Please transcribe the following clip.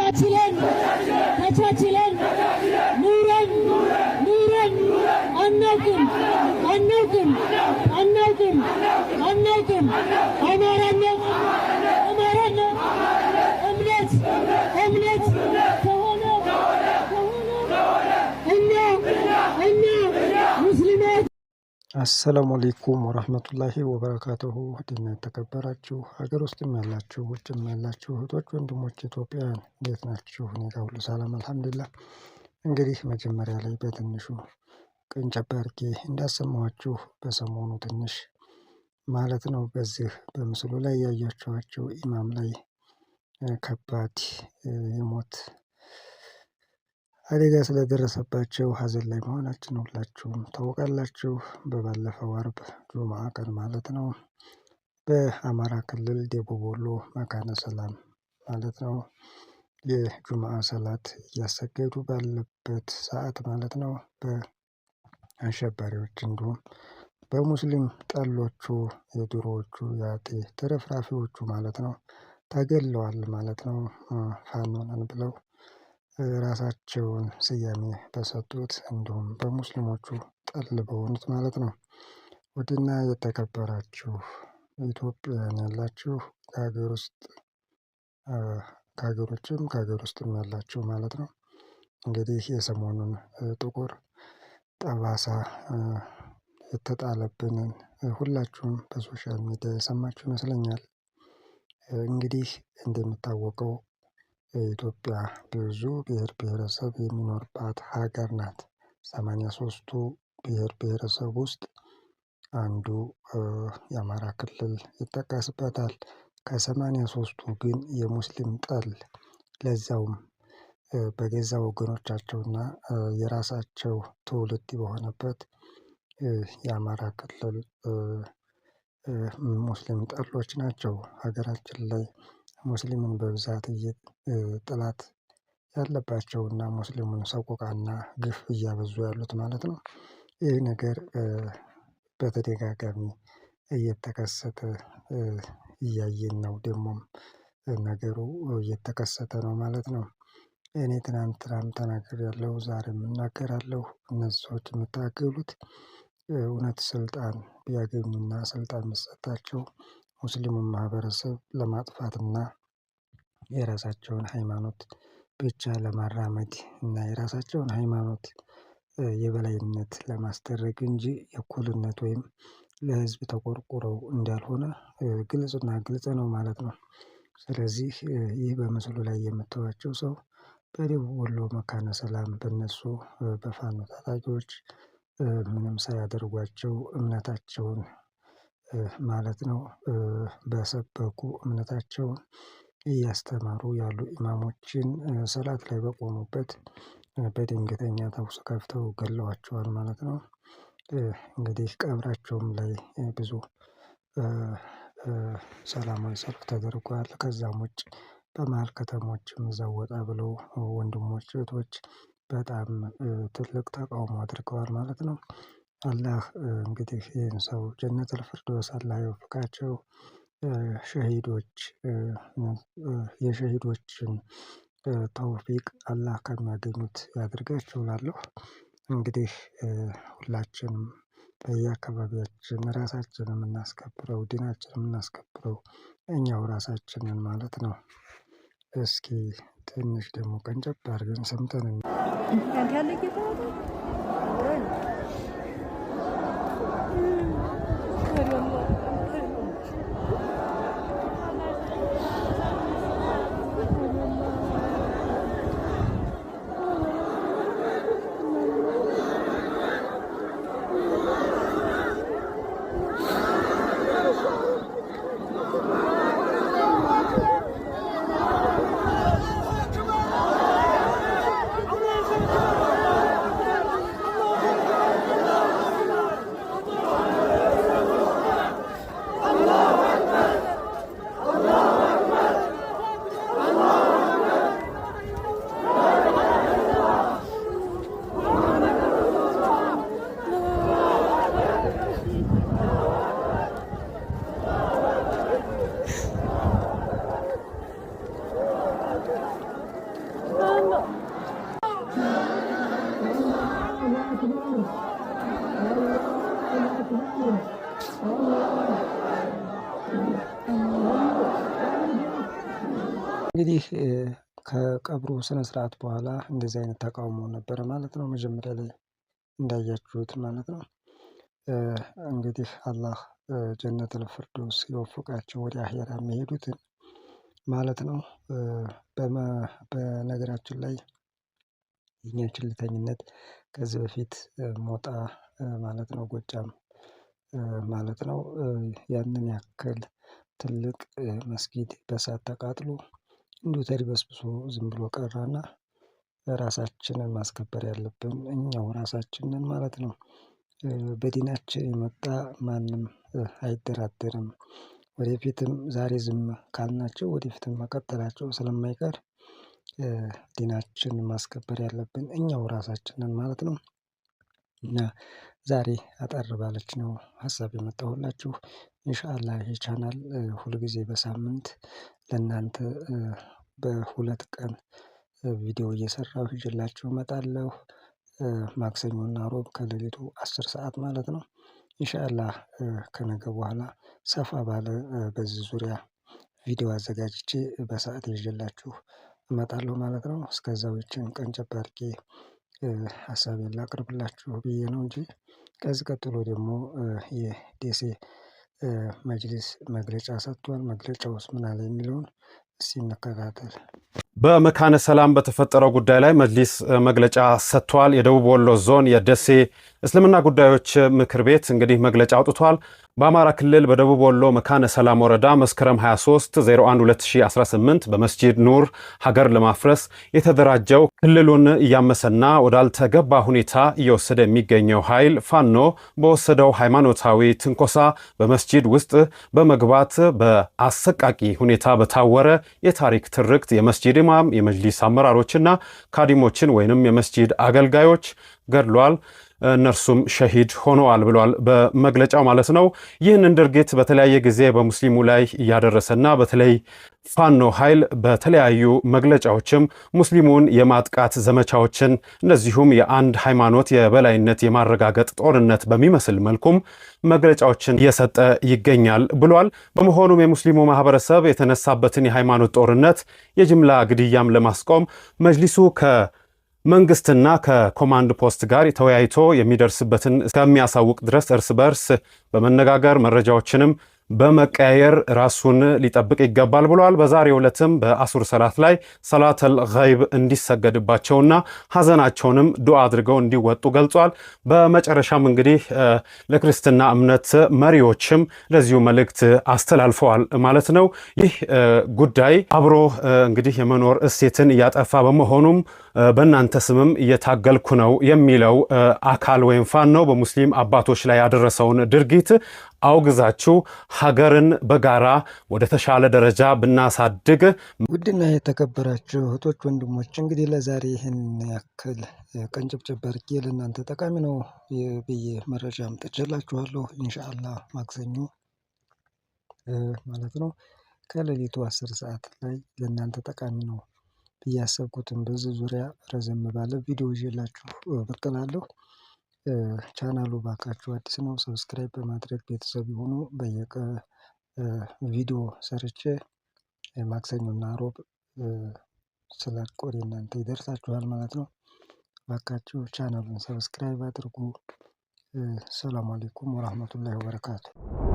Kaçaçiler, kaçaçiler, Nuran, Nuran, anladım, anladım, anladım, anladım, anladım, anladım, አሰላሙ አሌይኩም ወረህመቱላሂ ወበረካቱሁ ውድና የተከበራችሁ ሀገር ውስጥም ያላችሁ ውጭም ያላችሁ እህቶች ወንድሞች ኢትዮጵያውያን እንዴት ናችሁ? እኔ ጋር ሁሉ ሰላም አልሐምዱሊላህ። እንግዲህ መጀመሪያ ላይ በትንሹ ቀንጨብ አድርጌ እንዳሰማኋችሁ በሰሞኑ ትንሽ ማለት ነው በዚህ በምስሉ ላይ ያያችኋቸው ኢማም ላይ ከባድ የሞት አደጋ ስለደረሰባቸው ሀዘን ላይ መሆናችን ሁላችሁም ታውቃላችሁ። በባለፈው አርብ ጁማ ቀን ማለት ነው። በአማራ ክልል ደቡብ ወሎ መካነ ሰላም ማለት ነው። የጁማ ሰላት እያሰገዱ ባለበት ሰዓት ማለት ነው። በአሸባሪዎች እንዲሁም በሙስሊም ጠሎቹ የድሮዎቹ ያጤ ተረፍራፊዎቹ ማለት ነው ተገለዋል ማለት ነው። ፋኖ ነን ብለው ራሳቸውን ስያሜ በሰጡት እንዲሁም በሙስሊሞቹ ጠል በሆኑት ማለት ነው። ውድና የተከበራችሁ ኢትዮጵያን ያላችሁ ከሀገር ውስጥ ከሀገር ውጭም ከሀገር ውስጥም ያላችሁ ማለት ነው። እንግዲህ የሰሞኑን ጥቁር ጠባሳ የተጣለብንን ሁላችሁም በሶሻል ሚዲያ የሰማችሁ ይመስለኛል። እንግዲህ እንደሚታወቀው የኢትዮጵያ ብዙ ብሄር ብሄረሰብ የሚኖርባት ሀገር ናት። ሰማንያ ሶስቱ ብሄር ብሄረሰብ ውስጥ አንዱ የአማራ ክልል ይጠቀስበታል። ከሰማንያ ሶስቱ ግን የሙስሊም ጠል ለዛውም በገዛ ወገኖቻቸውና የራሳቸው ትውልድ በሆነበት የአማራ ክልል ሙስሊም ጠሎች ናቸው ሀገራችን ላይ ሙስሊምን በብዛት ያለባቸው እና ሙስሊሙን እና ግፍ እያበዙ ያሉት ማለት ነው። ይህ ነገር በተደጋጋሚ እየተከሰተ እያየን ነው ደግሞም ነገሩ እየተከሰተ ነው ማለት ነው። እኔ ትናንትናም ያለው ዛሬም እናገራለሁ እነዚህ ሰዎች የምታገሉት እውነት ስልጣን ቢያገኙና ስልጣን ቢሰጣቸው ሙስሊሙን ማህበረሰብ ለማጥፋትና የራሳቸውን ሃይማኖት ብቻ ለማራመድ እና የራሳቸውን ሃይማኖት የበላይነት ለማስደረግ እንጂ የእኩልነት ወይም ለህዝብ ተቆርቁረው እንዳልሆነ ግልጽና ግልጽ ነው ማለት ነው። ስለዚህ ይህ በምስሉ ላይ የምታዩቸው ሰው በደቡብ ወሎ መካነ ሰላም በነሱ በፋኖ ታጣቂዎች ምንም ሳያደርጓቸው እምነታቸውን ማለት ነው። በሰበኩ እምነታቸውን እያስተማሩ ያሉ ኢማሞችን ሰላት ላይ በቆሙበት በድንገተኛ ተኩስ ከፍተው ገለዋቸዋል ማለት ነው። እንግዲህ ቀብራቸውም ላይ ብዙ ሰላማዊ ሰልፍ ተደርጓል። ከዛም ውጭ በመሀል ከተሞችም እዛው ወጣ ብለው ወንድሞች እህቶች በጣም ትልቅ ተቃውሞ አድርገዋል ማለት ነው አላህ እንግዲህ ይህን ሰው ጀነት አልፍርዶስ አላህ ይወፍቃቸው። ሸሂዶች የሸሂዶችን ተውፊቅ አላህ ከሚያገኙት ያድርጋቸው እላለሁ። እንግዲህ ሁላችንም በየአካባቢያችን ራሳችንን የምናስከብረው ዲናችን የምናስከብረው እኛው ራሳችንን ማለት ነው። እስኪ ትንሽ ደግሞ ቀንጨብ አድርገን ሰምተን 嗯，可怜了。እንግዲህ ከቀብሩ ስነ ስርዓት በኋላ እንደዚህ አይነት ተቃውሞ ነበረ ማለት ነው። መጀመሪያ ላይ እንዳያችሁት ማለት ነው። እንግዲህ አላህ ጀነተል ፊርዶስ የወፈቃቸው ወደ አሄራ የሚሄዱትን ማለት ነው። በነገራችን ላይ የኛ ችልተኝነት ከዚህ በፊት ሞጣ ማለት ነው ጎጃም ማለት ነው ያንን ያክል ትልቅ መስጊድ በእሳት ተቃጥሎ እንዲሁ ተድበስብሶ ዝም ብሎ ቀረና ራሳችንን ማስከበር ያለብን እኛው ራሳችንን ማለት ነው። በዲናችን የመጣ ማንም አይደራደርም። ወደፊትም ዛሬ ዝም ካልናቸው ወደፊትም መቀጠላቸው ስለማይቀር ዲናችንን ማስከበር ያለብን እኛው ራሳችንን ማለት ነው እና ዛሬ አጠር ባለች ነው ሀሳብ የመጣሁላችሁ እንሻአላ ይህ ቻናል ሁልጊዜ በሳምንት ለእናንተ በሁለት ቀን ቪዲዮ እየሰራሁ ይዤላችሁ እመጣለሁ። ማክሰኞና ሮብ ከሌሊቱ አስር ሰዓት ማለት ነው። እንሻአላ ከነገ በኋላ ሰፋ ባለ በዚህ ዙሪያ ቪዲዮ አዘጋጅቼ በሰዓት ይዤላችሁ እመጣለሁ ማለት ነው። እስከዛው ይቺን ቀን ጨብ ሀሳብ ላቅርብላችሁ ብዬ ነው እንጂ ከዚህ ቀጥሎ ደግሞ የደሴ መጅሊስ መግለጫ ሰጥቷል። መግለጫ ውስጥ ምን አለ የሚለውን እስቲ እንከታተል። በመካነ ሰላም በተፈጠረው ጉዳይ ላይ መጅሊስ መግለጫ ሰጥቷል። የደቡብ ወሎ ዞን የደሴ እስልምና ጉዳዮች ምክር ቤት እንግዲህ መግለጫ አውጥቷል። በአማራ ክልል በደቡብ ወሎ መካነ ሰላም ወረዳ መስከረም 23 01 2018 በመስጂድ ኑር ሀገር ለማፍረስ የተደራጀው ክልሉን እያመሰና ወዳልተገባ ሁኔታ እየወሰደ የሚገኘው ኃይል ፋኖ በወሰደው ሃይማኖታዊ ትንኮሳ በመስጂድ ውስጥ በመግባት በአሰቃቂ ሁኔታ በታወረ የታሪክ ትርክት የመስጂድ ኢማም፣ የመጅሊስ አመራሮችና ካዲሞችን ወይንም የመስጂድ አገልጋዮች ገድሏል። እነርሱም ሸሂድ ሆነዋል ብሏል በመግለጫው ማለት ነው። ይህንን ድርጊት በተለያየ ጊዜ በሙስሊሙ ላይ እያደረሰና በተለይ ፋኖ ኃይል በተለያዩ መግለጫዎችም ሙስሊሙን የማጥቃት ዘመቻዎችን እንደዚሁም የአንድ ሃይማኖት የበላይነት የማረጋገጥ ጦርነት በሚመስል መልኩም መግለጫዎችን እየሰጠ ይገኛል ብሏል። በመሆኑም የሙስሊሙ ማህበረሰብ የተነሳበትን የሃይማኖት ጦርነት፣ የጅምላ ግድያም ለማስቆም መጅሊሱ ከ መንግስትና ከኮማንድ ፖስት ጋር ተወያይቶ የሚደርስበትን እስከሚያሳውቅ ድረስ እርስ በርስ በመነጋገር መረጃዎችንም በመቀያየር ራሱን ሊጠብቅ ይገባል ብለዋል። በዛሬ ዕለትም በአሱር ሰላት ላይ ሰላተል ገይብ እንዲሰገድባቸውና ሀዘናቸውንም ዱዓ አድርገው እንዲወጡ ገልጿል። በመጨረሻም እንግዲህ ለክርስትና እምነት መሪዎችም ለዚሁ መልእክት አስተላልፈዋል ማለት ነው። ይህ ጉዳይ አብሮ እንግዲህ የመኖር እሴትን እያጠፋ በመሆኑም በእናንተ ስምም እየታገልኩ ነው የሚለው አካል ወይም ፋኖ ነው በሙስሊም አባቶች ላይ ያደረሰውን ድርጊት አውግዛችሁ ሀገርን በጋራ ወደ ተሻለ ደረጃ ብናሳድግ። ውድና የተከበራችሁ እህቶች፣ ወንድሞች እንግዲህ ለዛሬ ይህን ያክል ቀንጨብጨብ አድርጌ ለእናንተ ጠቃሚ ነው ብዬ መረጃ አምጥቼላችኋለሁ። እንሻአላ ማክሰኞ ማለት ነው ከሌሊቱ አስር ሰዓት ላይ ለእናንተ ጠቃሚ ነው ብዬ ያሰብኩትን በዚህ ዙሪያ ረዘም ባለ ቪዲዮ ይዤላችሁ ብቅ እላለሁ። ቻናሉ ባካችሁ አዲስ ነው ሰብስክራይብ በማድረግ ቤተሰብ የሆኑ በየቀ ቪዲዮ ሰርቼ ማክሰኞና ሮብ ስለቅ ወደ እናንተ ይደርሳችኋል ማለት ነው። ባካችሁ ቻናሉን ሰብስክራይብ አድርጉ። ሰላም አሌይኩም ወራህመቱላሂ ወበረካቱ